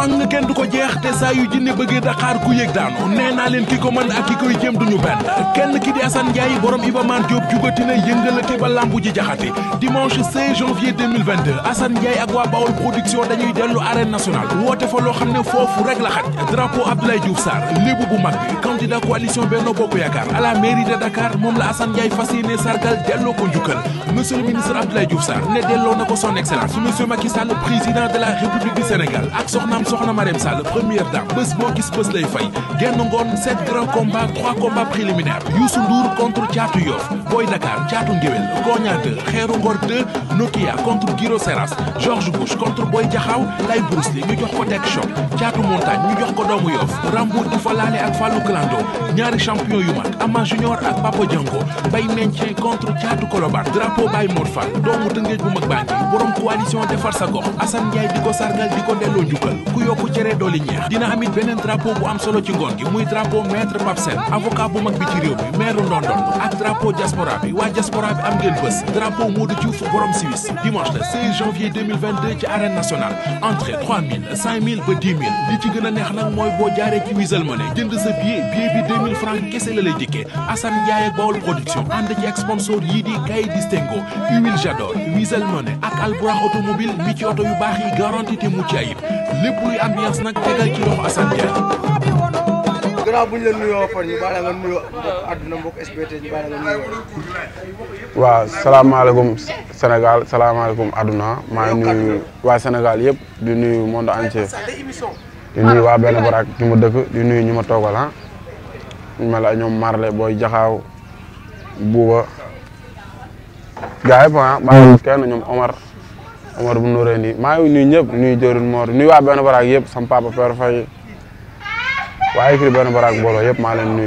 fang kenn du ko jeex te saa yu jinne bëggee daqaar ku yëg daanu nee leen ki ko mën ak ki koy jéem duñu benn kenn ki di Assane borom Iba Mar Diop jugati ba lambu jaxati dimanche 16 janvier 2022 ak waa Bawol production dañuy dellu arène nationale woote fa loo xam ne foofu rek la xaj drapeau Abdoulaye Diouf Sarr lébu bu mag bi candidat coalition Bokk Yaakaar à de Dakar moom la Assane Ndiaye fas yéene sargal delloo ko njukkal monsieur soxna Marème Sall première dame bés boo gis bés lay fay genn ngoon sept grands combats trois combats préliminaires Youssou Ndour contre Thiatou Boy Dakar Thiatou Ngéwél Koña 2 Xeeru Ngor 2 Nokia Giro Seras George Bush contre Boy Jaxaw Lay Bruce Lee ñu jox ko Tek Choc Thiatou Montagne ñu jox ko doomu Yoff Rambour di fa laale ak Fallou Clando ñaari champion yu mag Ama Junior ak Papa Django Bay Mentien contre Thiatou Kolobar drapeau Bay Mor doomu Tëngéej bu mag baa ku yokku cere dooli ñeex dina amit beneen drapeau bu am solo ci ngoon gi muy drapeau maître Papsen avocat bu mag bi ci réew mi maire Ndondon ak drapeau diaspora bi waa diaspora bi am ngeen bés drapeau Modou Diouf borom Suisse dimanche le janvier ci arène nationale entrée ba 10 000 li ci gën neex nag mooy boo jaaree ci Wizall jënd sa billet billet bi francs kese la lay dikkee Assane Ndiaye ak Bawol production ànd ci sponsor yii di Kay Distingo Huile Jador buy ambiance nag tegal ci loxo Assane àdduna mbokk SBT maa nuyu waa Sénégal yëpp di nuyu monde entier di nuyu waa benn barak ñu ma dëkk di nuyu ñu ma toogal ah ñu la ñoom Marley booy jaxaaw buuba gars yëpp ah maa ngi Omar. Omar bu Nouré nii maa ngi nuyu ñëpp nuyu Diorine Mor waa benn baraag yëpp sama papa Père Faye waaye kii baraag mbooloo yëpp maa leen nuyu.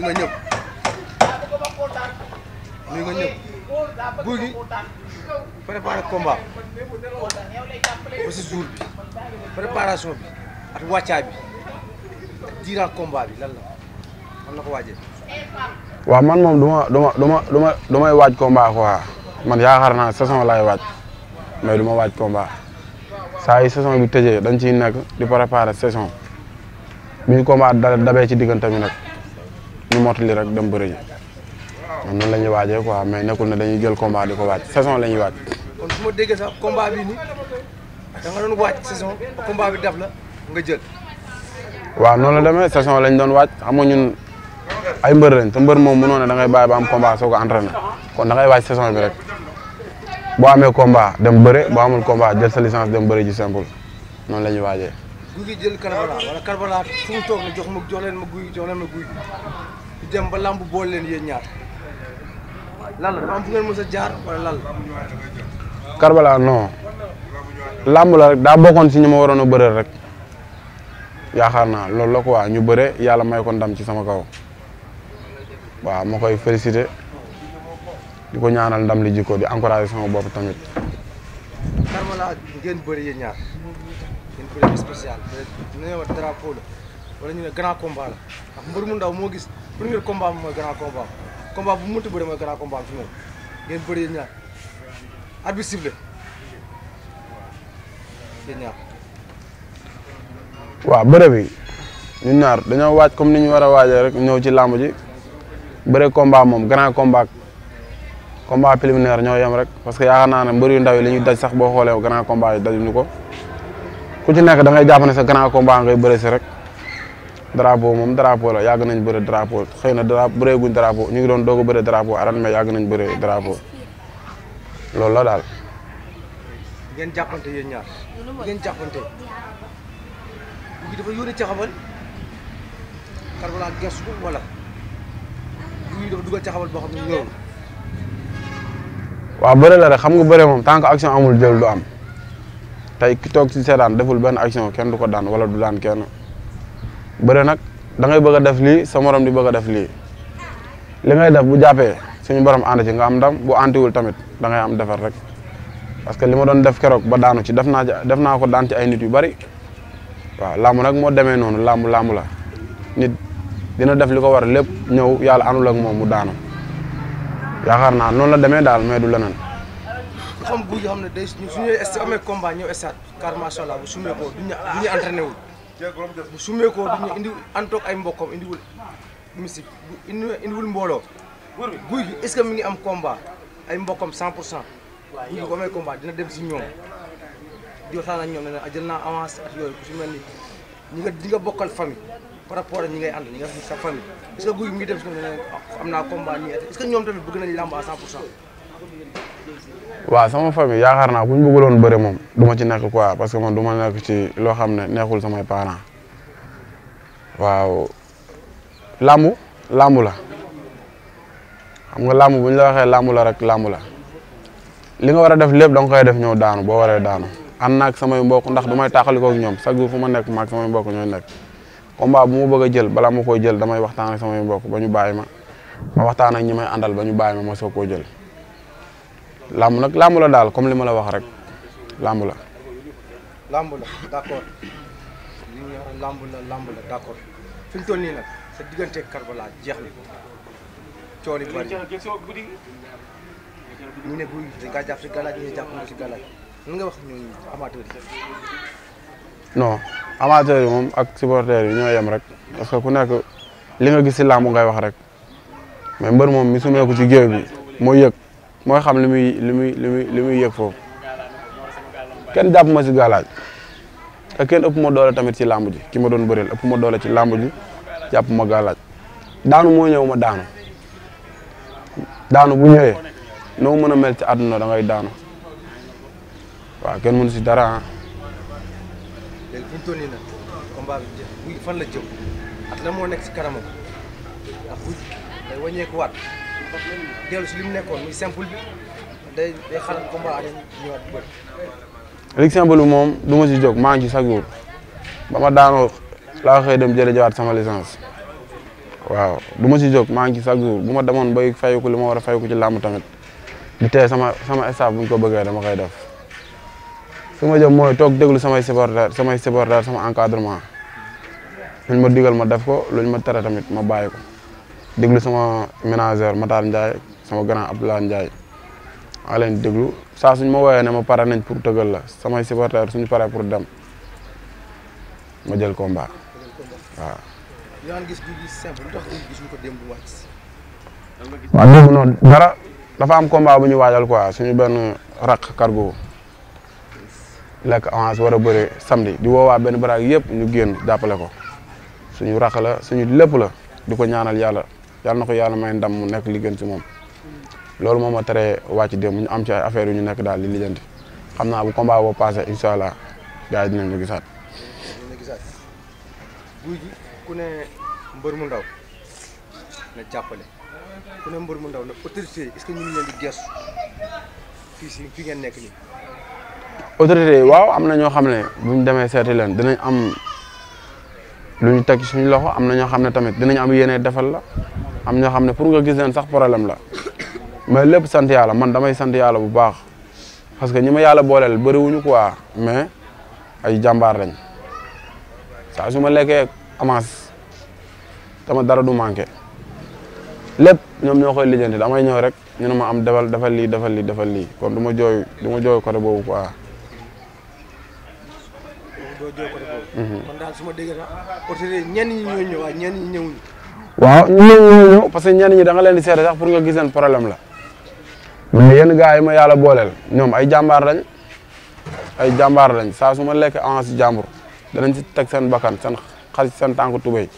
nga ñëpp nuyu gi préparé bi préparation bi bi ak diiraan combat bi lan man moom du ma du ma du may waaj komba quoi. man yaakaar naa saison laay waaj mais du ma waaj combat saa yi saison bi tëjee dañ ciy nag di préparer saison bi ñu combat da dabee ci diggante mi nag ñu mottali rek dem bëri ji man noonu la ñuy mais nekkul ne dañuy jël combat di ko waaj saison la ñuy waaj. kon su ma déggee sax combat bi nii nga doon waaj saison combat bi def la nga demee saison lañ doon waaj xam nga ñun ay mbër lañ te mbër moom mënoo ne da ngay bàyyi ba am combat soo ko entraîné kon da ngay waaj saison bi rek. boo amee komba dem bëre boo amul komba jël sa licence dem bëre ji simple noonu la ñuy waajee. guy jël Karbala wala Karbala fu mu toog na jox làmb boole leen yéen la jaar wala lan la. Karbala non rek daa bokkoon si ñu ma waroon a bëre rek yaakaar naa loolu la quoi ñu bëre yàlla may ko ndam ci sama kaw waaw ma koy félicité. di ko ñaanal ndam li jikko di encouragé sama bopp tamit. Karmala ngeen bëri yéen ñaar ngeen bëri spécial dinañu wax drapeau la wala ñu ne grand combat la ndax mbër mu ndaw moo gis premier combat bi mooy grand combat combat bu mu mënti bëri mooy grand combat fi moom ngeen bëri yéen ñaar arbitre sifflé yéen ñaar. waaw bëre bi ñun ñaar dañoo waaj comme ni ñu war a waajee rek ñëw ci làmb ji bëre combat moom grand combat. combat préliminaire ñoo yem rek parce que yaakaar naa ne mbër yu ndaw yi li ñuy daj sax boo xoolee grand combat yi dajuñu ko ku ci nekk da ngay sax ne sa grand combat ngay bëre si rek drapeau moom drapeau la yàgg nañ bëre drapeau xëy na dra bëree guñ drapeau ñu ngi doon doog a bëre drapeau aran mais yàgg nañ bëre drapeau loolu la daal. ngeen jàppante yéen ñaar ngeen waaw bëre la rek xam nga bëre moom tant que action amul jël du am tey ki toog si seetaan deful benn action kenn du ko daan wala du daan kenn bëre nag da ngay bëgg a def lii sa morom di bëgg a def lii li ngay def bu jàppee suñu borom ànd ci nga am ndam bu antiwul tamit da ngay am defar rek parce que li ma doon def keroog ba daanu ci def naa def naa ko daan ci ay nit yu bari waaw làmb nag moo demee noonu làmb làmb la nit dina def li ko war lépp ñëw yàlla àndul moom mu daanu. yaakaar naa noonu la demee daal mais du leneen. xam guy yoo xam ne day su ñuy amee combat ñëw stade car macha allah bu sumee ko duñu duñu entraîné wul bu sumee ko indi antoog ay mbokkam indiwul musique bu indiwul mbooloo guy gi est ce mi ngi am combat ay mbokkam 100 pour cent guy gi bu amee dina dem si ñoom di waxtaan ak ñoom ne ah, jël naa avance ak yooyu ku si mel ni ñi nga di nga bokkal famille par rapport ak ñi ngay ànd ñi nga xam sa waaw sama famille yaakaar naa bu ñu bëggoon bëre moom duma ci nekk quoi parce que man du ma nekk ci loo xam ne nekkul samay parents waaw làmb làmbu la xam nga làmb bu ñu la waxee làmb la rek làmb la li nga war a def lépp da koy def ñëw daanu boo waree daanu an naag samay mbokk ndax du may tàqalikoo ak ñoom chaque jour fu ma nekk maag samay mbokk ñooy nekk combat bu ma bëgg a jël balaa ma koy jël damay waxtaan ak samay mbokk ba ñu baay ma ma waxtaan ak ñi may àndal ba ñu bàyyi ma ma soog koo jël làmb nag làmb la daal comme li ma la wax rek làmb la. làmb la làmb la làmb la d'accord fi mu toll nii nag sa diggante Karbala jeex na coono bari ñu ne bu si galaaj jàpp si galaaj lan nga wax ñooñu amateur yi. non amateur yi moom ak supporter yi ñoo yem rek parce que ku nekk li nga gis si làmb ngay wax rek mais mbër moom mi sumeeku ci géew bi mooy yëg mooy xam li muy li muy li muy li muy yëg kenn jàpp ma si gàllaaj te kenn ëpp ma doole tamit ci làmb ji ki ma doon bëreel ëpp ma doole ci làmb ji jàpp ma gàllaaj daanu moo ñëw ma daanu daanu bu ñëwee noo mën a mel ci àdduna da ngay daanu waaw kenn mënu si dara ah. toll nii bi la jëm ak lan moo nekk moom duma ma si jóg maa ngi ci chaque jour ba ma daanoo laa xëy dem jërëjëwaat sama licence waaw du si jóg maa ngi ci chaque jour bu ma demoon bay fayu ko li ma war a fayu ko ci làmb tamit di tey sama sama staff bu ñu ko bëggee dama koy def. su ma jëm mooy toog déglu samay supporter samay supporter sama encadrement luñ ma digal ma def ko luñ ma tere tamit ma bàyyi ko déglu sama manager Matar Ndiaye sama grand Abdoulaye Ndiaye maa leen déglu saa suñ ma woowee ne ma pare nañ pour tëgal la samay supporter suñu paree pour dem ma jël combat waaw. waaw dafa am combat bu ñu waajal quoi suñu benn raq cargo lekk avance war a bëre samedi di woowaa benn baraag yëpp ñu génn jàppale ko suñu rax la suñu lépp la di ko ñaanal yàlla yàlla na ko yàlla may ndam mu nekk li si moom loolu moom ma teree wàcc mu ñu am ci ay affaire yu ñu nekk daal li lijjanti xam naa bu combat boo passé incha allah gars ñu dinañ la gisaat. mbër mu ndaw jàppale mbër mu ndaw na autorité est-ce nekk nii. autorités yi waaw am na ñoo xam ne bu ñu demee seeti leen dinañ am lu ñu teg suñu loxo am na ñoo xam ne tamit dinañ am yéene defal la am ñoo xam ne pour nga gis leen sax problème la mais lépp sant yàlla man damay sant yàlla bu baax parce que ñi ma yàlla booleel bariwuñu quoi mais ay jàmbaar lañ saa su ma lekkee avance dama dara du manqué lépp ñoom ñoo koy lijjanti damay ñëw rek ñu ne ma am defal defal lii defal lii defal lii kon du ma jooy du ma jooy côté boobu quoi. jëfandikoo jiw côté boobu. kon daal su ma déggee sax autorité ñenn ñi ñoo ñëw waaye ñenn ñi ñëwuñu. waaw ñoo ñoo ñëw parce que ñenn ñi da nga leen di seete sax pour nga gis seen problème la. mais yenn gars yi ma yàlla booleel ñoom ay jàmbaar lañ ay jàmbaar lañ saa su ma lekk avance jàmbur danañ ci teg seen bakkan seen xar seen tànku tubéy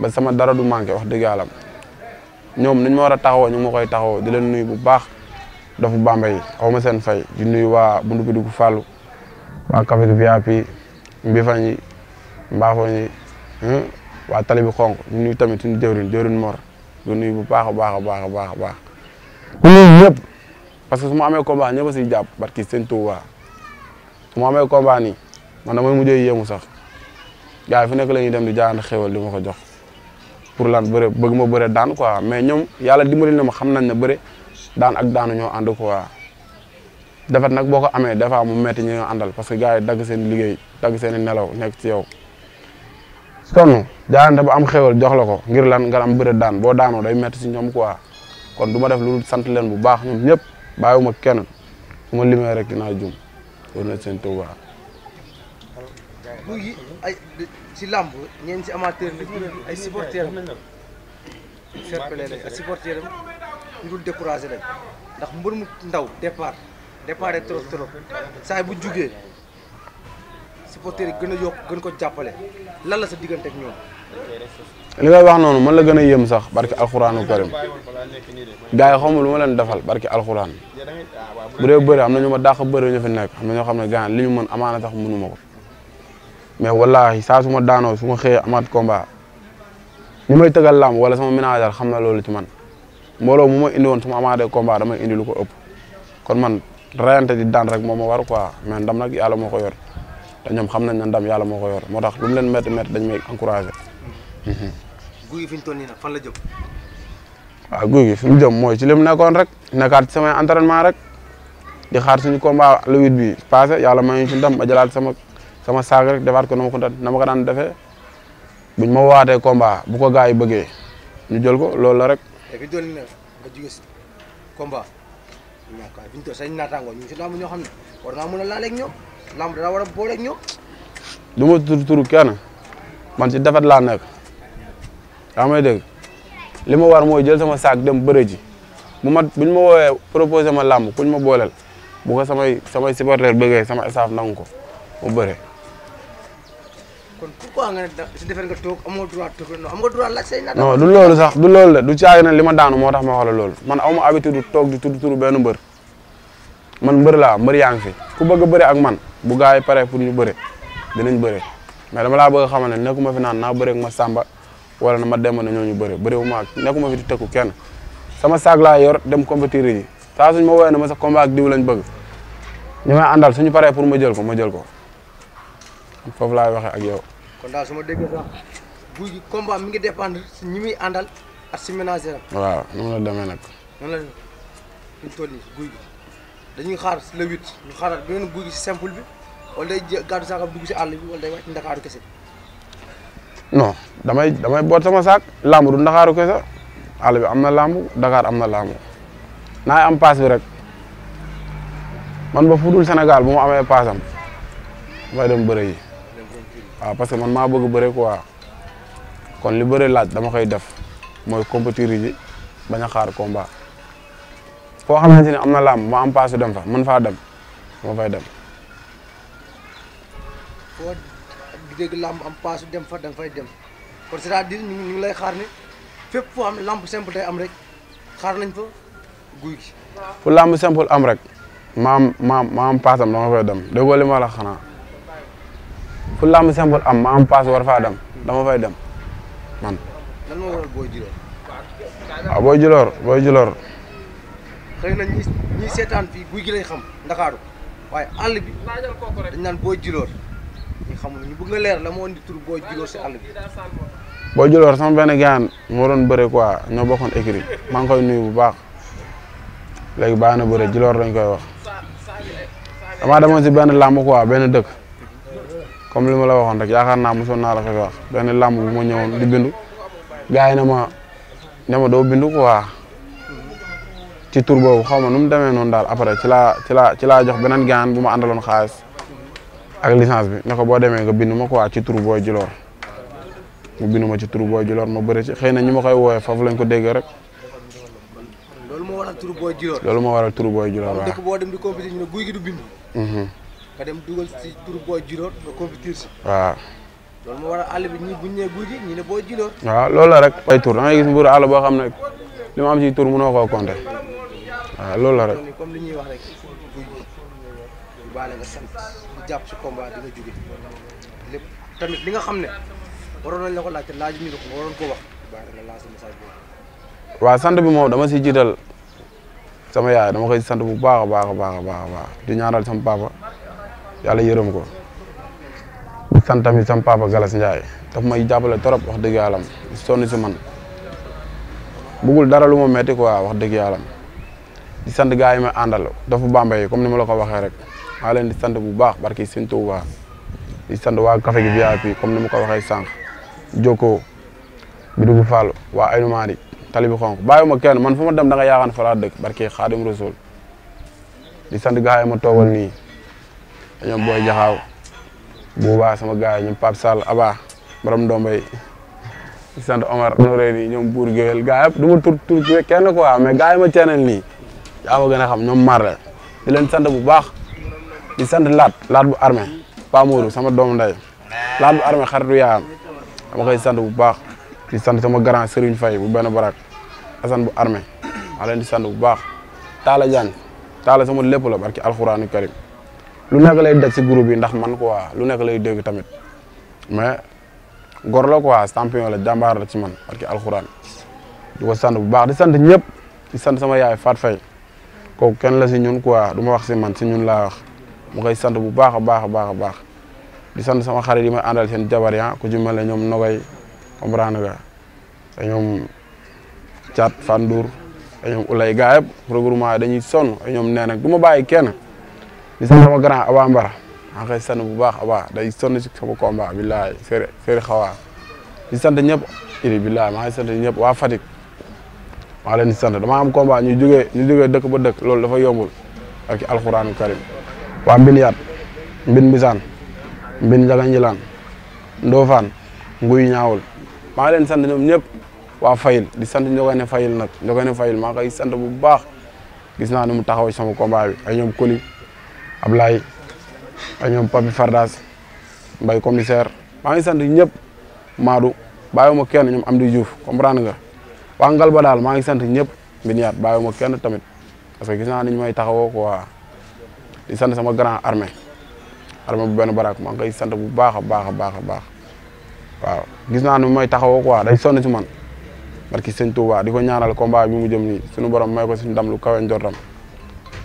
ba sama dara du manqué wax dëgg yàlla ñoom nañ ma war a taxawoo ñu ma koy taxawoo di leen nuyu bu baax dofu Bambey xaw ma seen fay di nuyu waa bundu bi dugg fàllu waa café VIP mbifañi mbaafoñi waa tali bi xonk ñu nuyu tamit suñu jëwrin jëwrin mor du nuyu bu baax a baax a baax a baax a baax ñu nuyu ñëpp parce que su ma amee combat ñëpp a siy jàpp barki seen Tuuba su ma amee combat nii man damay mujjee yéemu sax gars yi fu nekk la ñuy dem di jaayante xéwal di ma ko jox pour lan bëre bëgg ma bëre daan quoi mais ñoom yàlla dimbali na ma xam nañ ne bëre daan ak daanu ñoo ànd quoi defet nag boo ko amee des mu metti ñu àndal parce que gars yi dagg seen liggéey dagg seeni nelaw nekk ci yow sonn jaarante bu am xéwal jox la ko ngir lan nga am bëre daan boo daanoo day metti si ñoom quoi kon du ma def lu sant leen bu baax ñoom ñëpp bàyyiwuma kenn su ma limee rek dinaa jum loolu nag seen tuuba ci làmb ñeen ci ndaw départ déparé trop trop saa bu jugee supporters yi gën a yokk gën ko jàppale lan la sa diggante wax noonu man la gën a yëm sax barki alxuraanu karim gars yi xaw ma lu leen defal barki alxuraan bu dee bëri am na ñu ma dàq bëri ñu fi nekk am na ñoo xam ne gars li ñu mën amaana sax mënu ma ko mais wallaahi saa su ma daanoo su ma xëyee amaat combat ñu may tëgal làmb wala sama ménagère xam na loolu ci man mbooloo mu ma indi woon su ma amaatee combat damay indi lu ko ëpp kon man rayante di daan rek moo ma war quoi mais ndam nag moo ko yor ñoom xam nañ ne ndam yàlla moo ko yor moo tax lu mu leen métti métti dañ may encouragé. guy gi fi ñu toll nii nag fan la jëm. waaw guy gi fi mu jëm mooy ci li mu rek nekkaat samay entraînement rek di xaar suñu combat le huit bi passé yàlla may ñu ci ndam ma jëlaat sama sama saag rek defaat ko na ma ko na ma ko daan defee buñ ma waatee komba bu ko gars yi bëggee ñu jël ko loolu la rek. te fi ñu nga jugee si combat. ñàkk waaye fi ñu toll say naataangoo ñu ngi si lamb ñoo xam ne war ngaa mën a laaleeg ñoom lamb dara war a booleeg ñoom. du ma tur turu kenn man si dafa laa nekk yaa may ma war mooy jël sama saak dem bëre ji bu ma buñ ma woowee proposé ma làmb kuñ ma booleel bu ko samay samay supporter bëggee sama staff nangu ko mu bëre. kon pourquoi nga ne si defar nga am nga droit laaj du loolu sax du loolu la du caagi na li ma daanu moo tax ma xoolal loolu man aw ma habitude du toog di tudd turu benn mbër man mbër laa mbër yaa ngi fi ku bëgg a bëre ak man bu gars yi pare pour ñu bëre dinañ bëre mais dama laa bëgg a xamal ne nekkuma fi naan naa bëre ak ma sàmba wala na ma dem na ñu bëre bëre wu ma ak nekkuma fi di tëkku kenn sama saag laa yor dem compétir yi saa suñ ma woowee ma sax combat ak diw lañ bëgg ñu may àndal suñu paree pour ma jël ko ma jël ko foofu laay waxee ak yow. kon daal su ma sax guy gi combat mi ngi dépendre si ñi muy àndal ak si am. waaw nu mu la demee nag. noonu la si àll bi wala day damay damay boot sama saak làmb du ndakaaru kese àll bi am na làmb dakaar am na làmb naay am paas bi rek man ba fudul Sénégal bu mu amee paasam may dem bëre waaw parce que man maa bëgg bëre quoi kon li bëre laaj dama koy def mooy compétir ji bañ a xaar combat foo xamante ne am na làmb ma am paase dem fa mën faa dem ma fay dem. foo dégg làmb fa da nga fay dem kon c'est-à-dire ñu lay xaar ne fépp foo xam ne simple day am rek xaar nañ fa làmb simple am rek maam maam maam paasam dama fay dem déggoo li ma la xanaa. fu làmb simple am ma am paas war faa dem dama fay dem man. lan moo waral booy Djilor. waaw booy Djilor xam nga leer la moo indi tur àll bi. booy Djilor sama benn gaan moo doon bëre quoi ñoo bokkoon écrit maa ngi koy nuyu bu baax léegi baax na bëre jiloor lañ koy wax damaa demoon si benn làmb quoi benn dëk comme li ma la waxoon rek yaakaar naa mosoon naa la fekk wax benn làmb bu moo ñëwoon di bindu gars yi ne ma ne ma doo bindu quoi ci tur boobu xaw ma nu mu demee noonu daal après ci la ci laa ci laa jox beneen gaan bu ma àndaloon xaalis ak licence bi ne ko boo demee nga binduma ma quoi ci tur booy Djilor mu bindu ma ci tur booy Djilor ma bari ci xëy na ñi ma koy woowee foofu lañ ko déggee rek. moo waral tur booy Djilor. loolu nga dem dugal si loolu moo waral àll bi ñi bu ñu nee guy gi boo xam ne li am si tur mënoo koo compter waaw loolu la comme li ñuy wax rek sant jàpp si combat lépp tamit li nga xam ne waroon nañ la ko laaj ñu ne ko waroon sant bi moom dama si jiital sama yaay dama koy sant bu baax a baax a baax a baax baax di ñaanal sama papa. yàlla yërëm ko sant tamit sam papa Galas Ndiaye daf may jàppale trop wax dëgg yàlla sonn si man bëggul dara lu moom metti quoi wax dëgg yàlla di sant gaa yi ma àndal dafa Bambey comme ni ma la ko waxee rek maa leen di sant bu baax barki Sëñ Tuubaa di sant waa café gi VIP comme ni ma ko waxee sànq Jokko bi dugg Fall waa Aynu Maadi tali bi xonk bàyyiwuma kenn man fu ma dem da nga yaakaar fa laa dëkk barki Xaadim Rasul di sant gars yi ma toogal nii ñoom booy jaxaaw bu sama gars yi ñoom Pape Sall Aba borom Ndombay sant Omar Noreyni ñoom Buur Géwél gars yëpp ma tur tur kenn quoi mais gars yi ma ceenel nii yaa ma a xam ñoom Marle di leen sant bu baax di sant laat laat bu armé Pa Mourou sama doom nday laat bu armé xaritu yaayam dama koy sant bu baax di sant sama grand Serigne Faye bu benn barak Assane bu armé maa leen di sant bu baax Talla Diagne Talla sama lépp la barki alxuraanu karim lu nekk lay daj si groupe yi ndax man quoi lu nekk lay dégg tamit mais gor la quoi champion la jàmbaar la ci man parce que alxuraan di ko bu baax di sant ñëpp di sant sama yaay Faat Fay kenn la si ñun quoi duma wax si man si ñun laa wax mu koy sant bu baax a baax a baax a baax di sant sama xarit yi ma àndal seen jabar ya ku ci mel ne ñoom Nogay comprendre nga te ñoom Thiat Fandour te ñoom Ulay gaa yëpp regroupement dañuy sonn te ñoom nee nag du ma bàyyi kenn. di sant sama grand Aba Mbara maa ngi koy sant bu baax Aba day sonn ci sama combat billaay Seri Seri Xawa di sant ñëpp Iri billaay maa ngi sant ñëpp waa Fatick maa leen di sant damaa am combat ñu jógee ñu jógee ba dëkk loolu dafa yombul ak alxuraanu karim waa Mbin Yat Mbin Bisaan Ñaawul leen sant ñoom ñëpp waa Fayil di sant Ndiogane Fayil nag Ndiogane Fayil maa ngi koy bu baax gis naa ni mu taxaw ci sama combat bi ay ñoom Koli. Ablaye ak ñoom Papi Fardas Mbaye commissaire maa ngi sant ñëpp Maadou bàyyiwuma kenn ñoom Amdi Diouf comprendre nga waa ngal ba daal maa ngi sant ñëpp Mbiniat bàyyiwuma kenn tamit parce que gis naa ni ñu may taxawoo quoi di sant sama grand armée armée bu benn baraak maa ngi sant bu baax a baax a baax a baax waaw gis naa ni may taxawoo quoi day sonn ci man barki sëñ Touba di ko ñaanal combat bi mu jëm nii suñu borom may ko suñu ndam lu kawe njortam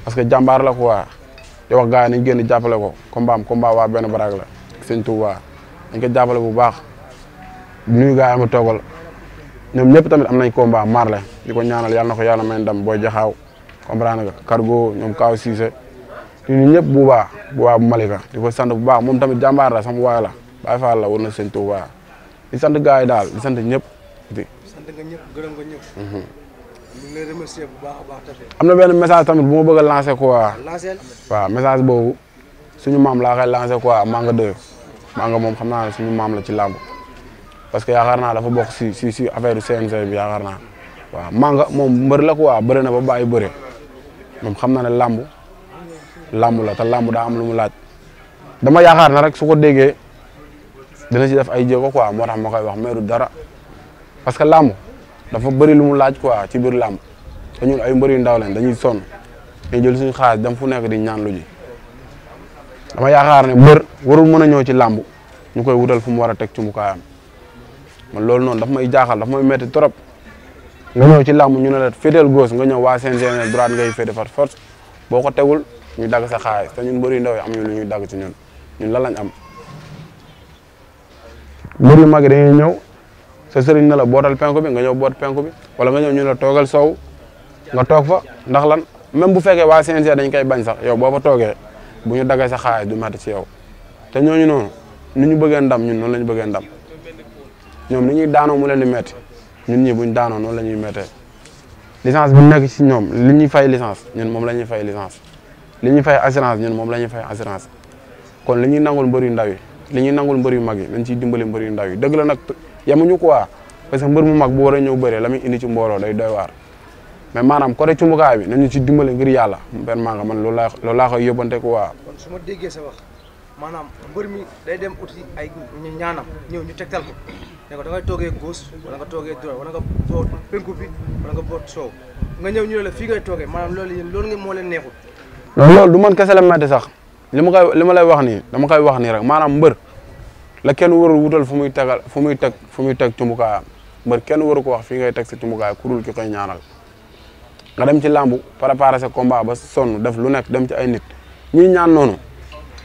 parce que jàmbaar la quoi. di wax gars yi génn jàppale ko combat am combat waa benn baraag la sëñ Touba dañ ko jàppale bu baax nuyu gars yi ma toogal ñoom ñëpp tamit am nañ combat marle di ko ñaanal yàlla na ko yàlla may ndam booy jaxaaw comprendre ka cargo ñoom Kaaw Cissé di nuyu ñëpp bu baax bu baax bu Malika di ko sant bu baax moom tamit jàmbaar la sama waay la Baay Faal la war na sëñ Touba di sant gars yi daal di sant ñëpp. sant nga ñëpp gërëm nga mhm. ñu am na benn message tamit bu ma bëgg a lancer quoi. waaw message boobu suñu maam laa koy lancer quoi Manga 2 Manga moom xam naa ne suñu maam la ci làmb parce que yaakaar naa dafa bokk si si si affaire CNG bi yaakaar naa waaw Manga moom mbër la quoi bëri na ba bàyyi bëre moom xam na ne làmb làmb la te làmb daa am lu mu laaj dama yaakaar na rek su ko déggee dina ci def ay jéego quoi moo tax ma koy wax mais dara parce que làmb. dafa bëri lu mu laaj quoi ci biir làmb te ñun ay mbër yu ndaw lañ dañuy son dañuy jël suñu xaalis dem fu nekk di ñaan lu ji dama yaakaar ne mbër warul mën a ñëw ci làmb ñu koy wutal fu mu war a teg ci ma man loolu noonu daf may jaaxal daf may metti trop nga ñëw ci làmb ñu ne la féetal gauche nga ñëw waa CNG ne droite ngay féete fa force boo ko tegul ñu dagg sa xaalis te ñun mbër yu ndaw yi am ñu lu ñuy dagg ci ñun ñun lan lañ am mbër yu mag yi ñëw sa sëriñ na la bootal penku bi nga ñëw boot penku bi wala nga ñëw ñu la toogal soow nga toog fa ndax lan même bu fekkee waa CNG dañ koy bañ sax yow boo fa toogee bu ñu daggee sa xaalis du si ci yow te ñooñu noonu ni ñu bëggee ndam ñun noon la ñu bëggee ndam ñoom ni ñuy daanoo mu leen di métti ñun ñii buñ daanoo noonu la ñuy méttee licence bu nekk si ñoom li ñuy fay licence ñun moom la ñuy fay licence li ñuy fay assurance ñun moom la ñu fay assurance kon li ñu nangul mbër yu ndaw yi li ñuy nangul mbër yu mag yi dañ ciy dimbali mbër yu ndaw yi dëgg la nag yemuñu quoi parce que mbër mu mag bu war a ñëw bëree la muy indi ci mbooloo day doy waar mais maanaam côté cumbukaay na ñu si dimbale ngir yàlla benn maa nga man loolu laa loolu laa koy yóbbante quoi. kon su ma déggee sa maanaam mbër mi day dem uti ay ñaanam ñëw ñu tegtal ko ne da ngay toogee gauche wala nga toogee droite wala nga boot penku bi wala nga boot ñëw ñu ne fii ngay toogee maanaam lool loolu ngeen moo leen neexul. loolu du man kese la metti sax li ma koy li ma lay wax nii dama koy wax nii rek maanaam mbër. la kenn warul wutal fu muy tagal fu muy teg fu muy tag cumbukaayam mbër kenn waru ko wax fii ngay teg si cumbukaay ku dul ki koy ñaanal nga dem ci làmbu préparer sa combat ba sonn def lu nekk dem ci ay nit ñuy ñaan noonu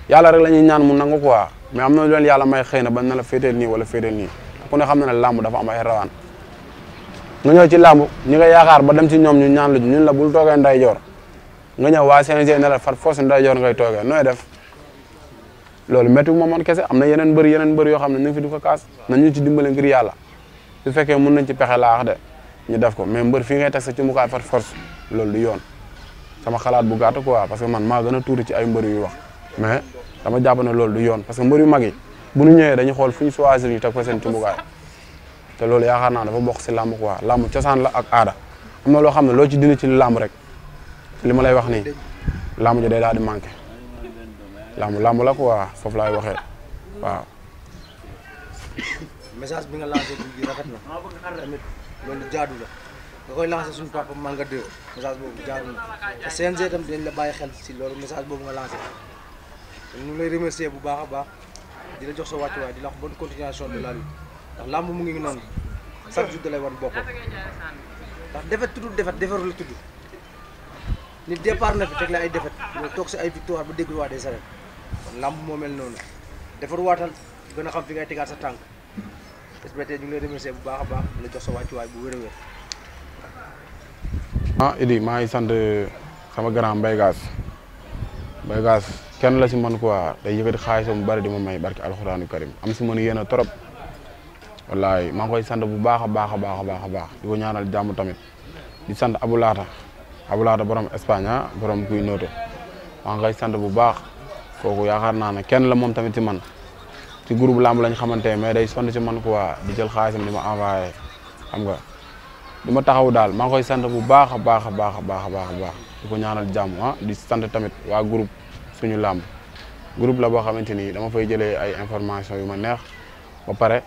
yàlla rek la ñuy ñaan mun nangu quoi mais am na lu leen yàlla may xëy na ba na la féeteel nii wala féeteel nii ku ne xam na ne làmb dafa am ay rawaan nga ñëw ci làmb ñu nga yaakaar ba dem ci ñoom ñu ñaan lu ñun la bul toogee ndeyjoor nga ñëw waa CNG ne la far foos ndeyjoor ngay toogee nooy def loolu métti ma man kese am na yeneen mbër yeneen mbër yoo xam ne ñu fi du ko kaas nañu ci dimbale ngir yàlla su fekkee mun nañ ci pexe laax de ñu def ko mais mbër fi ngay teg sa ci mu kaay loolu du yoon sama xalaat bu gàtt quoi parce que man maa gën a tuuti ci ay mbër yu wax mais dama jàpp loolu du yoon parce que mbër yu mag yi bu ñu ñëwee dañu xool fu ñu choisir ñu teg ko seen ci te loolu yaakaar naa dafa bokk si làmb quoi làmb cosaan la ak aada am na loo xam ne loo ci dindi ci làmb rek li ma lay wax nii làmb ji day daal di manqué làmb làmb la ko waa foofu laay waxee waaw. message bi nga lancé bi rafet na tamit loolu jaadu la nga koy lancé suñu papa Manga 2 message boobu jaadu na te CNG itam dañ la bàyyi xel si loolu message boobu nga lancé ñu ngi lay remercier bu baax a baax di la jox sa wàccuwaay di la wax bonne continuation de la lutte ndax làmb mu ngi noonu chaque jour da lay wan boppam ndax defet tudd defet deferu la tudd nit départ na fi teg la ay defet nga toog si ay victoire ba déglu waa des arènes kon làmb moo mel noonu defar waatal gën a xam fi ngay tegaat sa tànk SBT bu baax a baax la jox sa wàccuwaay bu wér a ah, Idi maa ngi sant sama grand Mbaye Gass Mbaye kenn la si man quoi day yëkkati xaalisam mu bari di ma may barki alxuraanu karim am si man yéen a trop wallaay maa ngi sant bu baax a baax a baax a baax a baax di ko ñaanal jàmm tamit di sant Abou Laata Abou Laata borom Espagne ah, borom kuy noote maa ngi sant bu baax. kooku yaakaar naa ne kenn la moom tamit ci man ci groupe lamb lañ xamante mais day sonn ci man quoi di jël xaalisam di ma envoyé xam nga di ma taxaw daal maa ngi koy sant bu baax a baax a baax a baax a baax di ko ñaanal jàmm ah di sant tamit waa group suñu làmb groupe la boo xamante ni dama fay jëlee ay information yu ma neex ba pare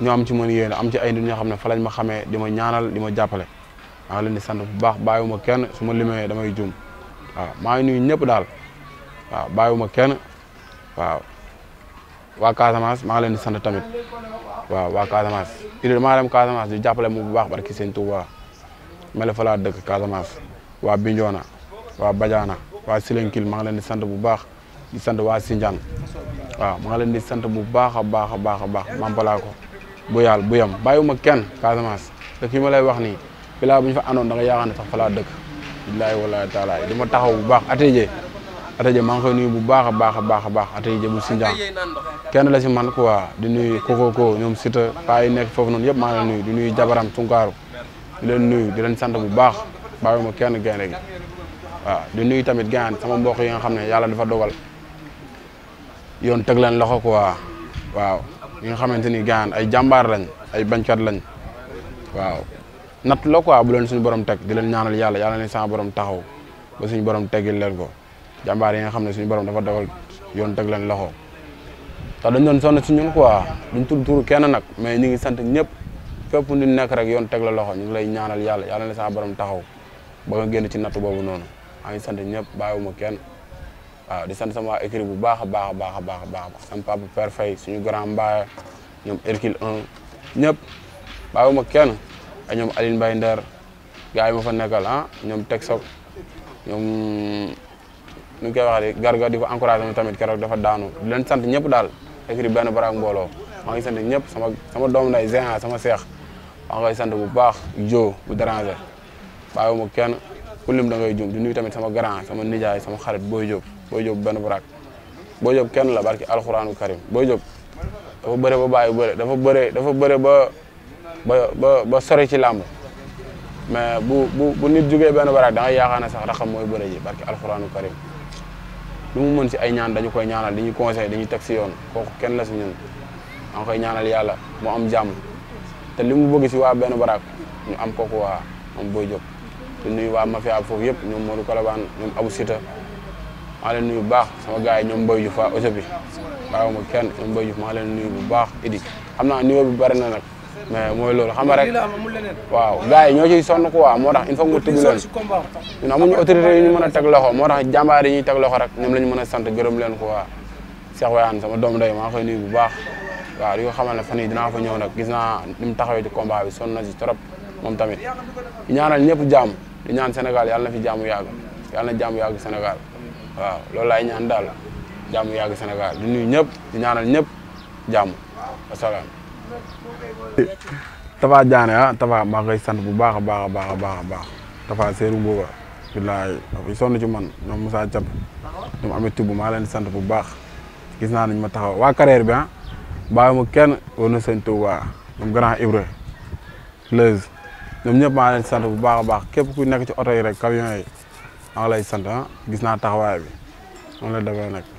ñoo am ci mën yéen am ci ay nit ñoo xam ne fa lañ ma xamee di ma ñaanal di ma jàppale maa ngi leen di sant bu baax bàyyiwuma kenn su ma limee damay juum waaw maa ngi ñëpp daal. waaw bàyyiwuma kenn waaw waa Casamance maa ngi leen di sant tamit waaw waa Casamance Idrissa maa Casamance di jàppale mu bu baax barki sëñ Touba mel fa laa dëkk Casamance waa Bignona waa Badiana waa Silenkil maa ngi leen di sant bu baax di sant waa Sindian waaw maa ngi leen di sant bu baax a baax a baax a baax mampalaa ko bu yàlla bu yem bàyyiwuma kenn Casamance da yi ma lay wax nii bilaa bu fa àndoon da nga yaakaar ne dëk fa laa taala di ma taxaw bu baax atelier Ataja maa ngi koy nuyu bu baax a baax a baax a baax Ataja bu Sinjaan kenn la si man ko quoi di nuyu ko ñoom Siteu paa yi nekk foofu noonu yëpp maa ngi leen nuyu di nuyu jabaram Tunkaaru di leen nuyu di leen sant bu baax bàyyi ma kenn gaynde gi di nuyu tamit gaan sama mbokk yi nga xam ne yàlla dafa dogal yoon teg leen loxo ko waaw ñi nga xamante ni gaan ay jàmbaar lañ ay bañkat lañ waaw natt la quoi bu leen suñu borom teg di leen ñaanal yàlla yàlla ne sama borom taxaw ba suñu borom ko jàmbaar yi nga xam ne suñu borom dafa dogal yoon teg leen loxo ta dañ doon sonn si ñun quoi duñ tudd turu kenn nag mais ñu ngi sant ñëpp fépp ñu nekk rek yoon teg la loxo ñu ngi lay ñaanal yàlla yàlla na sa borom taxaw ba nga génn ci natt boobu noonu maa ngi sant ñëpp bàyyiwuma kenn waaw di sant sama écrit bu baax a baax a baax a baax a baax sama papa Père Faye suñu grand mbaay ñoom Hercule 1 ñëpp bàyyiwuma kenn ak ñoom Aline Mbaye Nder gars yi ma fa nekkal ah ñoom Texop ñoom. nu ñu koy waxee garga di ko encouragé moom tamit keroog dafa daanu di leen sant ñëpp daal écrit benn baraak mbooloo maa ngi sant ñëpp sama sama doom nday Géant sama seex maa ngi koy bu baax joo bu déranger mu kenn ku lim da ngay jum di tamit sama grand sama nijaay sama xarit Boy Diop Boy Diop benn baraak Boy Diop kenn la barki alxuraanu karim Boy Diop dafa bëre ba bàyyi bëre dafa bare dafa bëre ba ba ba sori ci làmb mais bu bu bu nit jógee benn baraak da ngay yaakaar ne sax raxam mooy bëre ji barki alxuraanu karim lu mu mën si ay ñaan dañu koy ñaanal di ñu conseil dañuy teg si yoon kooku kenn la si ñun danga koy ñaanal yàlla mu am jàmm te li mu bëgg si waa benn baraak ñu am kooku waa am booy jóg di nuyu waa mafia foofu yëpp ñoom Modou Kalabaan ñoom Abou Sita maa leen nuyu bu baax sama gars yi ñoom Mbaye Diouf waa Oussebi bàyyiwuma kenn ñoom Mbaye Diouf maa leen nuyu bu baax idi xam naa niveau bi bari na nag mais mooy loolu xam nga rek waaw gars yi ñoo ciy sonn quoi moo tax il faut nga tudd leen ñun amuñu autorité yi ñu mën a teg loxo moo tax jàmbaar yi teg loxo rek ñoom la ñu mën a sant gërëm leen quoi Cheikh an sama doom day maa koy nuyu bu baax waaw di ko xamal ne fan yii dinaa fa ñëw nag gis naa ni mu taxawee ci combat bi son na si trop moom tamit di ñaanal ñëpp jàmm di ñaan Sénégal yàlla na fi jàmm yàgg yàlla na jàmm yàgg senegal waaw loolu laay ñaan daal jàmm yàgg Sénégal di nuyu ñëpp di ñaanal ñëpp jàmm Tafa Diané ah Tafa maa koy sant bu baax a baax a baax a baax a baax Tafa Seydou Mbouba bilaay dafa sonn ci man ñoom Moussa Thiam ñoom Ameth Thibault maa leen sant bu baax gis naa nañ ma taxaw waa carrière bi ah bàyyi ma kenn war na sëñ Touba ñoom grand Ibra Leuz ñëpp maa leen sant bu baax a baax képp ku nekk ci oto yi rek camion yi maa ngi lay sant ah gis naa taxawaay bi noonu la demee nag.